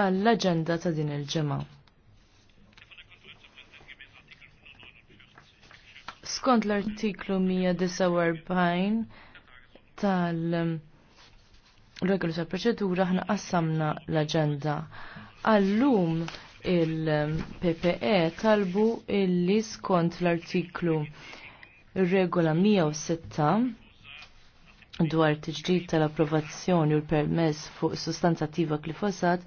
għall-agenda ta' din il-ġemgħa. Skont l-artiklu 149 tal-regolu ta' proċedura ħna qassamna l-agenda. Allum il-PPE talbu illi skont l-artiklu regola 106 dwar t-ġdid tal-approvazzjoni u l-permess fuq sustanza attiva glifosat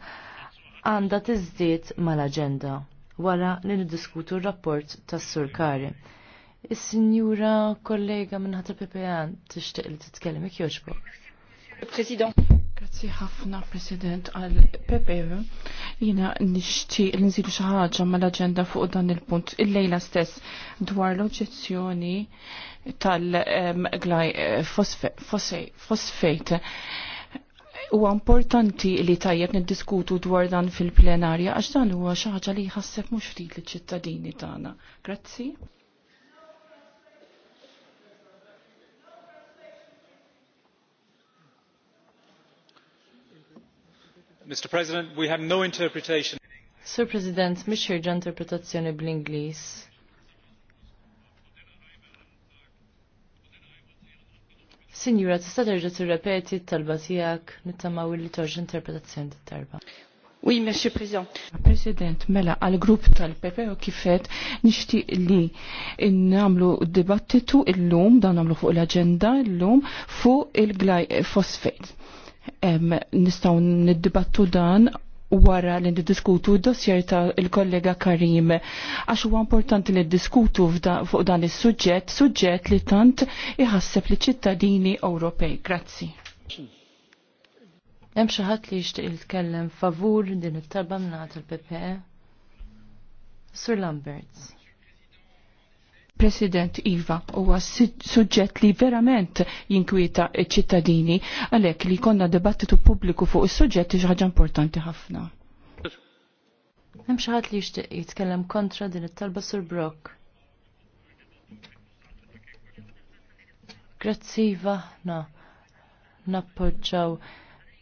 għandha tiżdiet mal-aġenda wara li niddiskutu r-rapport tas surkari Kari. Is-Sinjura kollega minn ħatra PPA tixtieq li titkellem jekk jogħġbok. President. Grazzi ħafna, President, għal PPV. Jina nishti l-nżidu xaħġa mal-agenda fuq dan il-punt il-lejla stess dwar l-oġezzjoni tal-glaj eh, fosfejt huwa importanti li tajjeb niddiskutu dwar dan fil-plenarja għax dan huwa xi ħaġa li jħasseb mhux ftit liċ-ċittadini tagħna. Grazzi. Mr. President, we have no interpretation. Sir President, mhix ħirġa interpretazzjoni bl-Ingliż. Signora, tista' terġa' tirrepeti t-talba tiegħek nittamaw li torġa' interpretazzjoni t talba Oui, Monsieur President. President, mela, għal grupp tal PP u kifet nishti li namlu debattitu il-lum, dan namlu fuq l-agenda il-lum, fuq il-glaj fosfet. Nistaw niddibattu dan wara li diskutu d-dossier ta' il-kollega Karim. Għax huwa importanti li diskutu fuq dan is-suġġett, suġġett li tant iħasseb li ċittadini Ewropej. Grazzi. Hemm xi ħadd li jixtieq jitkellem favur din it-talba minn l-PPE? Sur Lamberts. President Iva huwa suġġett li verament jinkwieta ċittadini għalhekk li konna debattitu pubbliku fuq is-suġġett xi ħaġa importanti ħafna. Hemm xi ħadd li jixtieq jitkellem kontra din it-talba Sur Brock. Grazzi Iva, na, nappoġġaw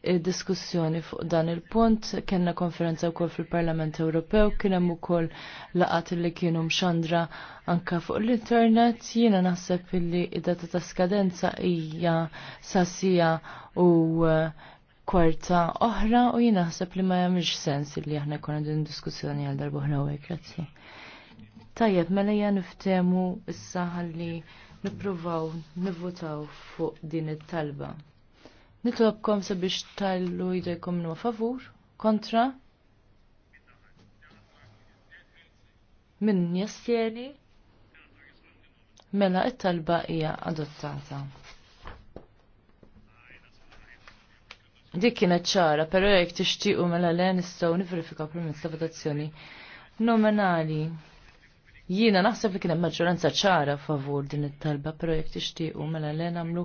diskussjoni fuq dan il-punt, kena konferenza u fil-Parlament Ewropew, kien hemm ukoll laqat li kienu mxandra anka fuq l-internet, jiena naħseb li id-data ta' skadenza hija sasija u uh, kwarta oħra u jiena naħseb li ma jamiġ sens li aħna kuna din diskussjoni għal darbu oħra hekk, għekrazi. Tajjeb, mela hija niftemu issa ħalli nippruvaw nivvutaw fuq din it-talba. Nitlobkom sabiex tajlu jdejkom nu favur, kontra, minn jessjeni? mela it-talba hija adottata. Dik kienet ċara, pero jekk tixtiequ mela le nistgħu nifrifika permezz ta' votazzjoni nominali. Jiena naħseb li kien hemm maġġoranza ċara favur din it-talba, però jekk tixtiequ mela le nagħmlu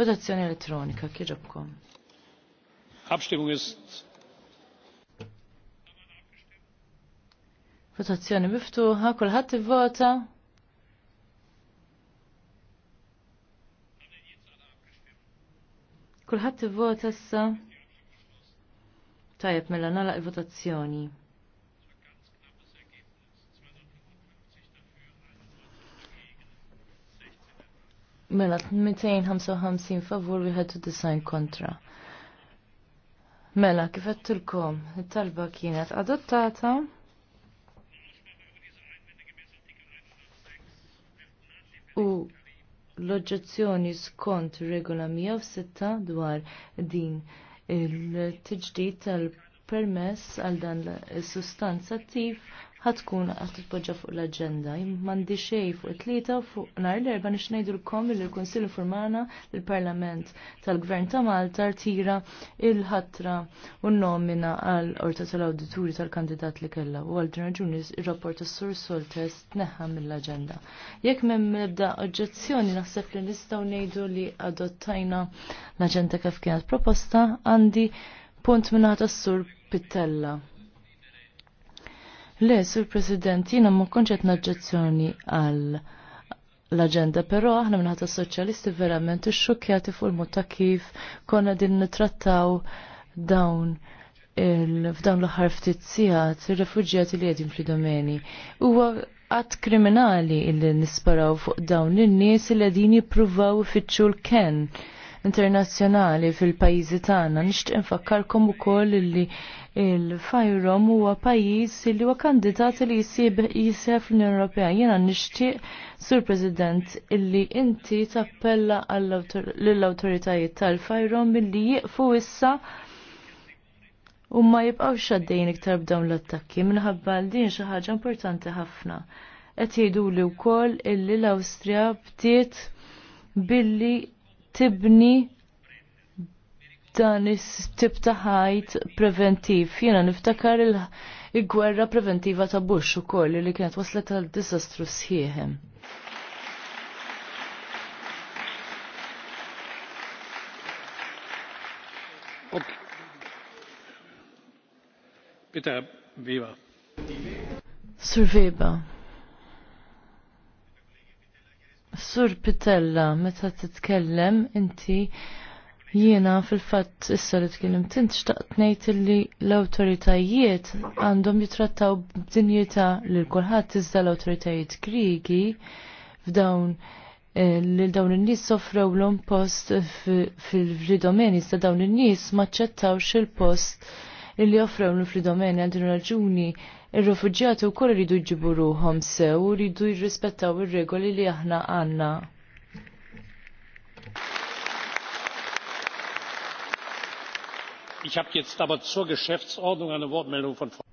votazzjoni elettronika kieġobkom. Abstimmung ist Votazzjoni miftuħa, kulħadd ivvota. Kulħadd ivvota issa. Tajjeb mela nagħlaq il-votazzjoni. Mela 255 favur wieħed u design kontra. Mela kif għedtilkom, it-talba kienet adottata. U l-oġġezzjoni skont regola 106 dwar din il-tġdid tal-permess għal dan is sustanza attiv ħatkun għat titpoġġa fuq l-agenda. Mandi xej fuq it-tlieta fuq nhar l-erba nix ngħidulkom li l-Kunsill informana l-Parlament tal-Gvern ta' Malta rtira il-ħatra u nomina għal orta tal-awdituri tal-kandidat li kellha u għal din raġuni ir-rapport tas-Sur test tneħħa mill-aġenda. Jekk m'hemm ebda oġġezzjoni naħseb li nistgħu ngħidu li adottajna l-aġenda kif kienet proposta għandi punt ħata tas-Sur Pittella. Le, sur President, jina ma konċet naġġazzjoni għal l-agenda, pero aħna minnħata soċjalisti verament xokjati fuq il-mod ta' kif konna din nitrattaw dawn f'dawn l-ħar ftit sigħat ir-refuġjati li għedin fl-domeni. Huwa qatt kriminali il nisparaw fuq dawn in-nies li qegħdin jippruvaw ifittxu l-ken internazzjonali fil-pajjiżi tagħna. Nixtieq infakkarkom ukoll li il-Fajrom huwa pajjiż li huwa kandidat li jsib jisef l-Unjoni Ewropea. Jiena nixtieq, Sur President, illi inti tappella lill-awtoritajiet tal-Fajrom milli jieqfu issa u ma jibqgħux għaddejn iktar b'dawn l-attakki minħabba l din xi ħaġa importanti ħafna. Qed jgħidu li wkoll illi l-Awstrija bdiet billi tibni dan is-tip ta' ħajt preventiv. Jiena niftakar il-gwerra preventiva ta' Bush ukoll li kienet waslet għal disastru sħieħem. Bitte, Weber. Sir Weber. Sur Pitella, meta titkellem inti jiena fil-fatt issa li tkellem tint xtaqt ngħid li l-awtoritajiet għandhom jitrattaw b'dinjità lil kulħadd iżda l-awtoritajiet Griegi f'dawn eh, li dawn in-nies soffrew l post fil-ridomeni sa' dawn in-nies maċċettawx il-post li joffrew l-fridomen għal din raġuni ir-refuġjati wkoll iridu jġibu ruhom sew u ridu jirrispettaw ir-regoli li aħna għandna. Ich habe jetzt aber zur Geschäftsordnung eine Wortmeldung von Frau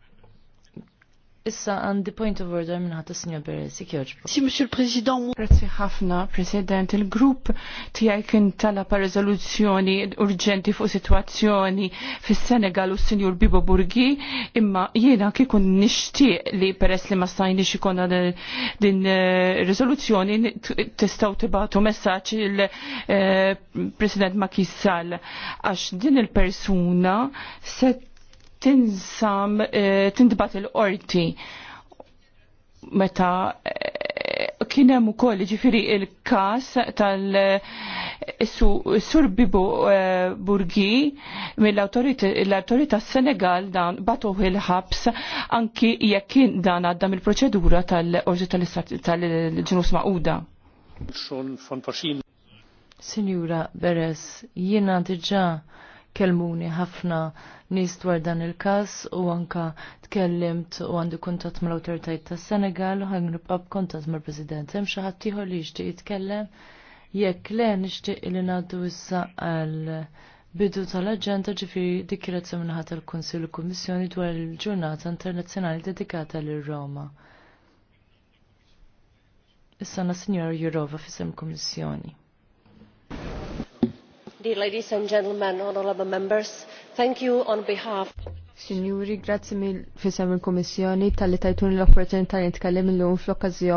Issa għandi point of order minn ħatta Sinjor Beresi, ikjoġbu. Si, Mr. President. Grazie ħafna, President. Il-grupp tijaj kien tala pa' rezoluzzjoni urġenti fuq situazzjoni fis senegal u Sinjor Bibo Burgi, imma jiena kikun nishtiq li peress li ma stajni xikonna din eh, rezoluzzjoni testaw tibatu messaċ il-President eh, Makissal għax din il-persuna set tinsam eh, tindbat il-qorti meta eh, kien hemm ukoll ġifiri il-każ tal eh, sur Bibu Burgi mill s Senegal dan batuh il-ħabs anki jekk kien dan għaddam mill-proċedura tal-Orġi tal ġinus Maquda. Signora Beres, jiena diġà kelmuni ħafna nies dwar dan il-każ u anka tkellimt u għandu kuntatt mal-awtoritajiet tas-Senegal u għan nibqa' b'kuntatt mal-President. Hemm xi ħadd ieħor li jixtieq jitkellem jekk le nixtieq li ngħaddu issa għal bidu tal-aġenda ġifieri dikjerazzjoni ħadd tal-Kunsill u Kummissjoni dwar il-Ġurnata Internazzjonali dedikata lil Roma. Issa na Sinjora Jurova fisem Kummissjoni dear ladies and gentlemen, honorable kummissjoni talli tajtuni l opportunità Signori, grazie mill fisem il-Komissjoni tal-li tajtun l-opportunità nitkellem l